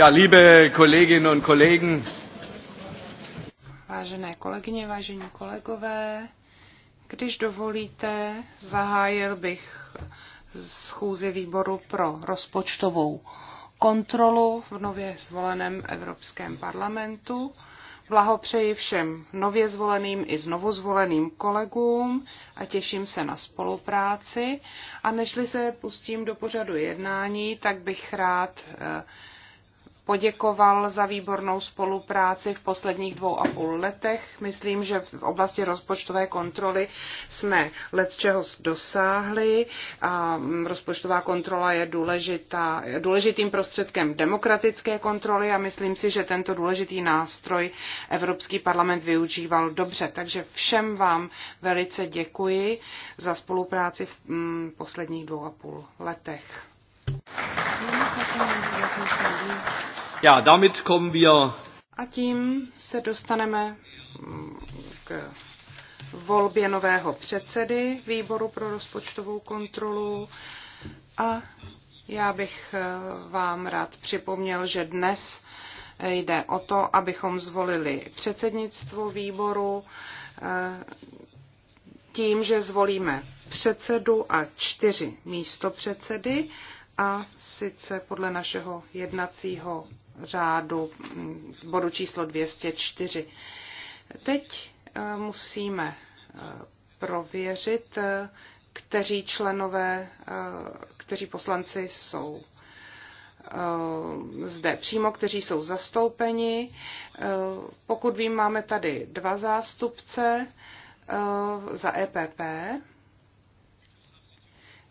Ja, liebe Kolleginnen und Kollegen. Vážené kolegyně, vážení kolegové, když dovolíte, zahájil bych schůzi výboru pro rozpočtovou kontrolu v nově zvoleném Evropském parlamentu. Blahopřeji všem nově zvoleným i znovu zvoleným kolegům a těším se na spolupráci. A nežli se pustím do pořadu jednání, tak bych rád eh, poděkoval za výbornou spolupráci v posledních dvou a půl letech. Myslím, že v oblasti rozpočtové kontroly jsme let čeho dosáhli a rozpočtová kontrola je důležitá, důležitým prostředkem demokratické kontroly a myslím si, že tento důležitý nástroj Evropský parlament využíval dobře. Takže všem vám velice děkuji za spolupráci v mm, posledních dvou a půl letech. Thank you. Ja, damit kommen wir... A tím se dostaneme mm, k volbě nového předsedy výboru pro rozpočtovou kontrolu a já bych eh, vám rád připomněl, že dnes jde o to, abychom zvolili předsednictvo výboru eh, tím, že zvolíme předsedu a čtyři místopředsedy a sice podle našeho jednacího řádu mm, bodu číslo 204. Teď eh, musíme eh, prověřit, eh, kteří členové, kteří poslanci jsou zde přímo, kteří jsou zastoupeni. Pokud vím, máme tady dva zástupce za EPP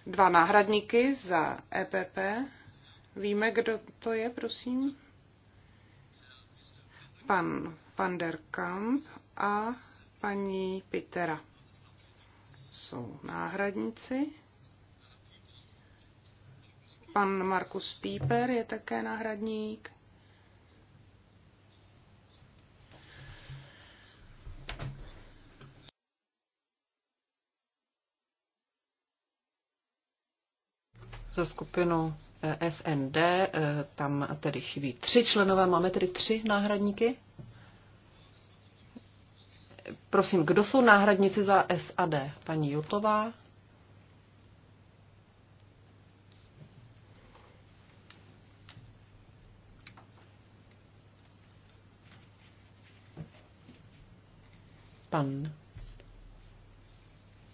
dva náhradníky za EPP. Víme, kdo to je, prosím? Pan Van der Kamp a paní Pitera. Jsou náhradníci. Pan Markus Píper je také náhradník. za skupinu eh, SND, eh, tam tedy chybí tři členové, máme tedy tři náhradníky. Prosím, kdo jsou náhradníci za SAD? Paní Jutová. Pan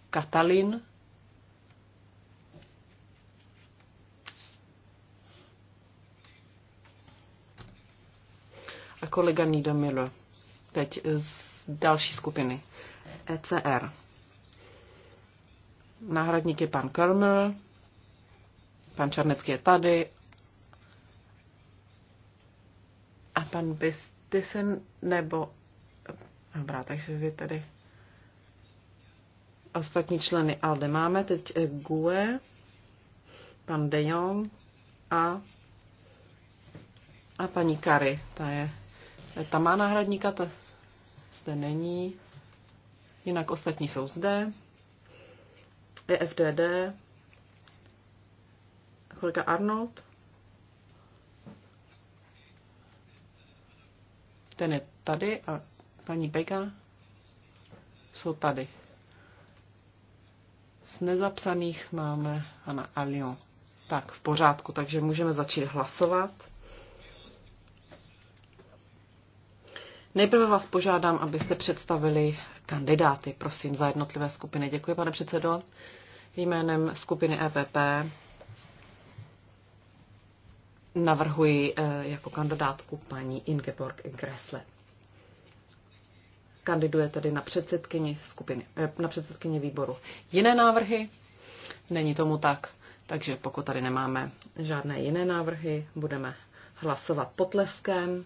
Katalin. kolega Milo, Teď z další skupiny. ECR. Náhradník je pan Körmer, pan Černecký je tady a pan Bistisen nebo... Dobrá, takže vy tady ostatní členy ALDE máme, teď eh, GUE, pan De Jong a, a paní Kary, ta je ta má náhradníka, ta zde není. Jinak ostatní jsou zde. E FDD, Kolika Arnold. Ten je tady a paní Bega jsou tady. Z nezapsaných máme Ana Alion. Tak, v pořádku, takže můžeme začít hlasovat. Nejprve vás požádám, abyste představili kandidáty, prosím, za jednotlivé skupiny. Děkuji, pane předsedo. Jménem skupiny EPP navrhuji eh, jako kandidátku paní Ingeborg Gressle. Kandiduje tedy na předsedkyni, skupiny, eh, na předsedkyni výboru. Jiné návrhy? Není tomu tak. Takže pokud tady nemáme žádné jiné návrhy, budeme hlasovat potleskem.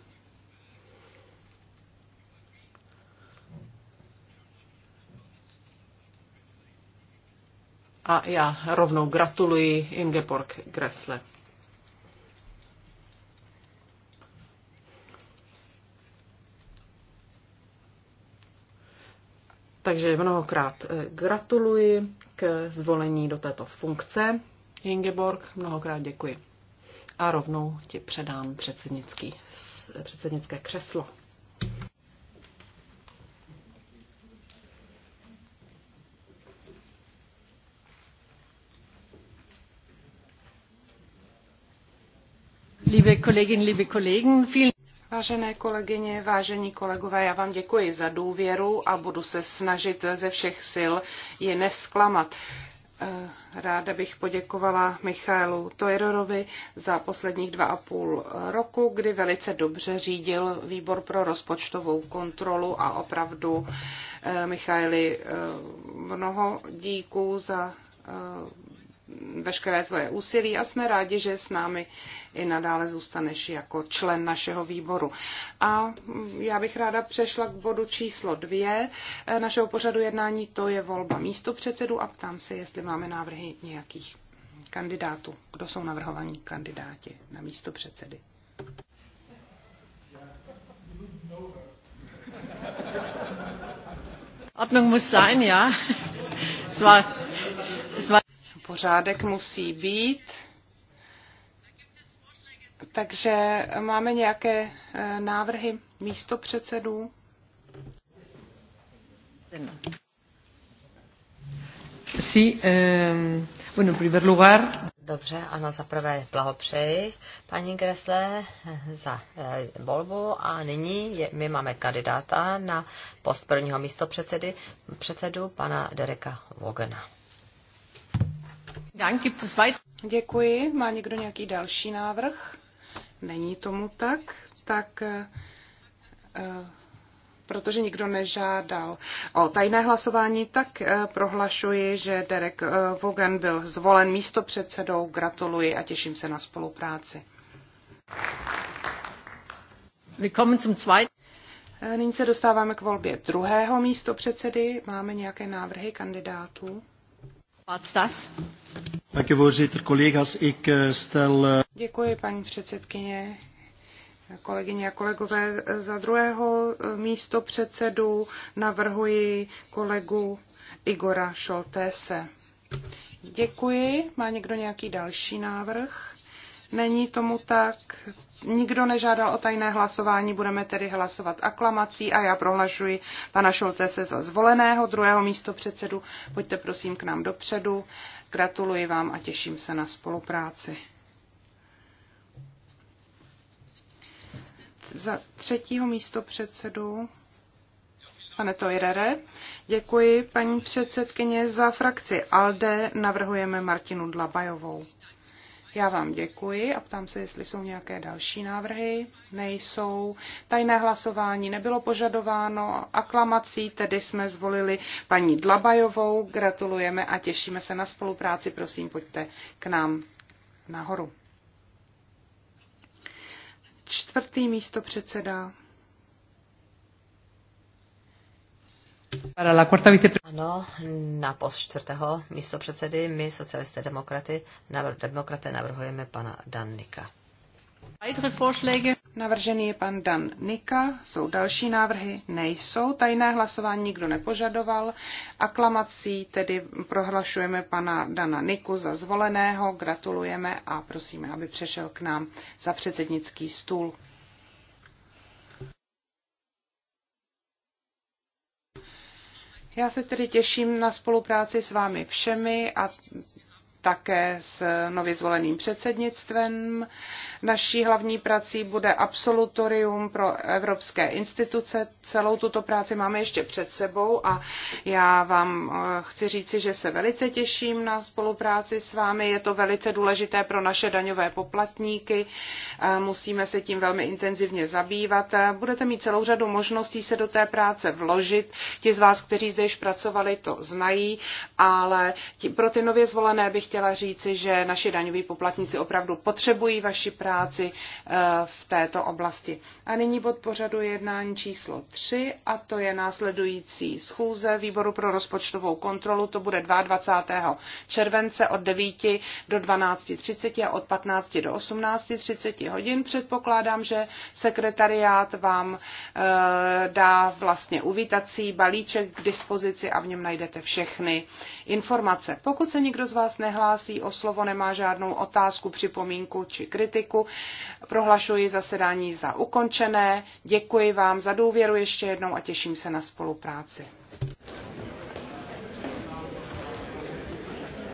a já rovnou gratuluji Ingeborg Gressle. Takže mnohokrát eh, gratuluji k zvolení do této funkce. Ingeborg, mnohokrát děkuji. A rovnou ti předám předsednický, předsednické křeslo. Vážené kolegyně, vážení kolegové, já vám děkuji za důvěru a budu se snažit ze všech sil ji nesklamat. Eh, ráda bych poděkovala Michaelu Tojerovi za posledních dva a půl roku, kdy velice dobře řídil výbor pro rozpočtovou kontrolu a opravdu eh, Michaeli eh, mnoho díků za veškeré tvoje úsilí a jsme rádi, že s námi i nadále zůstaneš jako člen našeho výboru. A já bych ráda přešla k bodu číslo dvě našeho pořadu jednání, to je volba místo předsedu a ptám se, jestli máme návrhy nějakých kandidátů. Kdo jsou navrhovaní kandidáti na místo předsedy? Ordnung muss sein, ja. Es war pořádek musí být. Takže máme nějaké eh, návrhy místo předsedů? Sí, eh, bueno, primer lugar. Dobře, ano, zaprvé blahopřeji paní Gresle za eh, volbu a nyní je, my máme kandidáta na post prvního místo předsedy, předsedu pana Dereka Vogena. Děkuji. Má někdo nějaký další návrh? Není tomu tak. Tak eh, eh, protože nikdo nežádal o tajné hlasování, tak eh, prohlašuji, že Derek Vogan byl zvolen místopředsedou. Gratuluji a těším se na spolupráci. Nyní se dostáváme k volbě druhého místopředsedy. Máme nějaké návrhy kandidátů? Eh, eh, Děkuji, paní předsedkyně kolegyně a kolegové. Za druhého eh, místo předsedu navrhuji kolegu Igora Šoltése. Děkuji. Má někdo nějaký další návrh? Není tomu tak, Nikdo nežádal o tajné hlasování, budeme tedy hlasovat aklamací a já prohlašuji pana se za zvoleného druhého místo předsedu. Pojďte prosím k nám dopředu. Gratuluji vám a těším se na spolupráci. Za třetího místo předsedu pane Tojrere. Děkuji, paní předsedkyně, za frakci ALDE navrhujeme Martinu Dlabajovou. Já vám děkuji a ptám se, jestli jsou nějaké další návrhy. Nejsou. Tajné hlasování nebylo požadováno. Aklamací tedy jsme zvolili paní Dlabajovou. Gratulujeme a těšíme se na spolupráci. Prosím, pojďte k nám nahoru. Čtvrtý místo předseda Ano, na post čtvrtého místo předsedy my socialisté demokraty, navr- demokraté navrhujeme pana Dannika. Navržený je pan Dan Nika. Jsou další návrhy? Nejsou. Tajné hlasování nikdo nepožadoval. Aklamací tedy prohlašujeme pana Dana Niku za zvoleného. Gratulujeme a prosíme, aby přešel k nám za předsednický stůl. Já se tedy těším na spolupráci s vámi všemi a také s nově zvoleným předsednictvem. Naší hlavní prací bude absolutorium pro evropské instituce. Celou tuto práci máme ještě před sebou a já vám eh, chci říci, že se velice těším na spolupráci s vámi. Je to velice důležité pro naše daňové poplatníky. Eh, musíme se tím velmi intenzivně zabývat. Eh, budete mít celou řadu možností se do té práce vložit. Ti z vás, kteří zde již pracovali, to znají, ale pro ty nově zvolené bych chtěla chtěla říci, že naši daňoví poplatníci opravdu potřebují vaši práci eh, v této oblasti. A nyní bod pořadu jednání číslo 3 a to je následující schůze Výboru pro rozpočtovou kontrolu. To bude 22. července od 9 do 12.30 a od 15 do 18.30 hodin. Předpokládám, že sekretariát vám eh, dá vlastně uvítací balíček k dispozici a v něm najdete všechny informace. Pokud se nikdo z vás nehlásí, nehlásí o slovo, nemá žádnou otázku, připomínku či kritiku, prohlašuji zasedání za ukončené. Děkuji vám za důvěru ještě jednou a těším se na spolupráci.